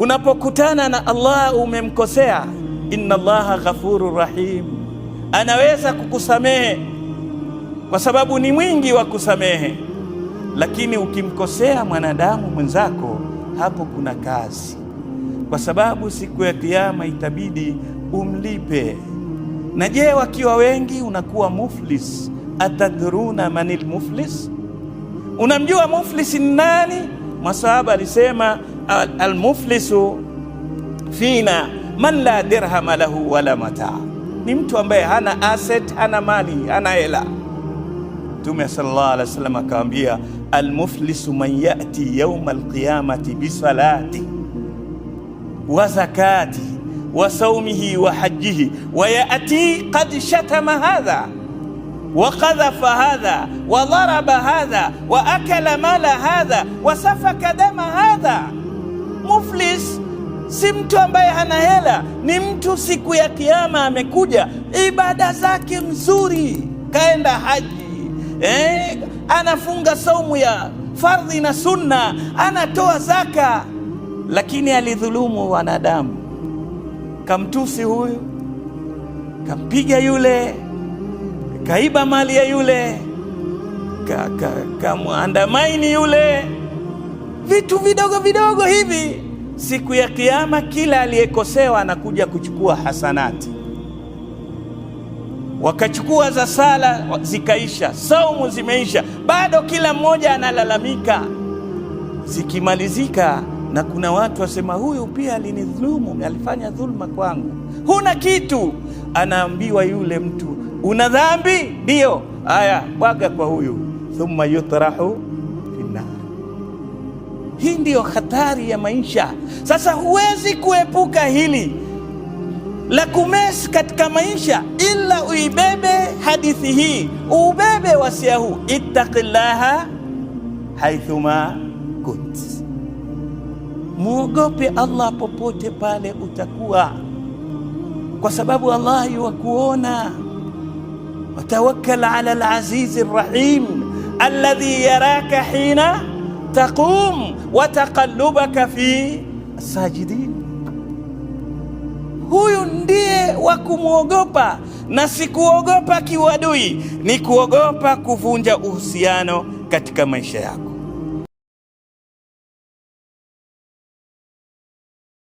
Unapokutana na Allah umemkosea, inna Allaha ghafuru rahim, anaweza kukusamehe kwa sababu ni mwingi wa kusamehe. Lakini ukimkosea mwanadamu mwenzako, hapo kuna kazi, kwa sababu siku ya Kiyama itabidi umlipe. Na je, wakiwa wengi unakuwa muflis. Atadhuruna manil muflis, unamjua muflis ni nani? Masahaba alisema almuflis fina man la dirhama lahu wala mataa, ni mtu ambaye hana asset, hana mali, hana hela. Mtume sallallahu alaihi wasallam akamwambia, almuflisu man yati yauma alqiyamati bisalati wa zakati wa saumihi wa hajjihi wa yati qad shatama hadha وقذف هذا وضرب هذا وأكل مال هذا وسفك دم هذا Muflis si mtu ambaye hana hela, ni mtu siku ya kiama amekuja, ibada zake mzuri kaenda haji eh, anafunga saumu ya fardhi na sunna, anatoa zaka, lakini alidhulumu wanadamu. Kamtusi huyu, kampiga yule, kaiba mali ya yule, kamwandamaini ka, ka, yule vitu vidogo vidogo hivi. Siku ya Kiyama kila aliyekosewa anakuja kuchukua hasanati. Wakachukua za sala zikaisha, saumu zimeisha, bado kila mmoja analalamika, zikimalizika na kuna watu wasema, huyu pia alinidhulumu, alifanya dhuluma kwangu. Huna kitu, anaambiwa yule mtu, una dhambi? Ndiyo. Aya, bwaga kwa huyu. Thumma yutrahu hii ndiyo hatari ya maisha. Sasa huwezi kuepuka hili la kumes katika maisha, ila uibebe hadithi hii, ubebe wasia huu, ittaqillaha haithuma kunt, muogope Allah popote pale utakuwa, kwa sababu Allah yuwakuona. Watawakkal ala alazizi rahim alladhi yaraka hina taqum wa taqallubaka fi sajidin, huyu ndiye wa kumwogopa na si kuogopa kiuadui, ni kuogopa kuvunja uhusiano katika maisha yako.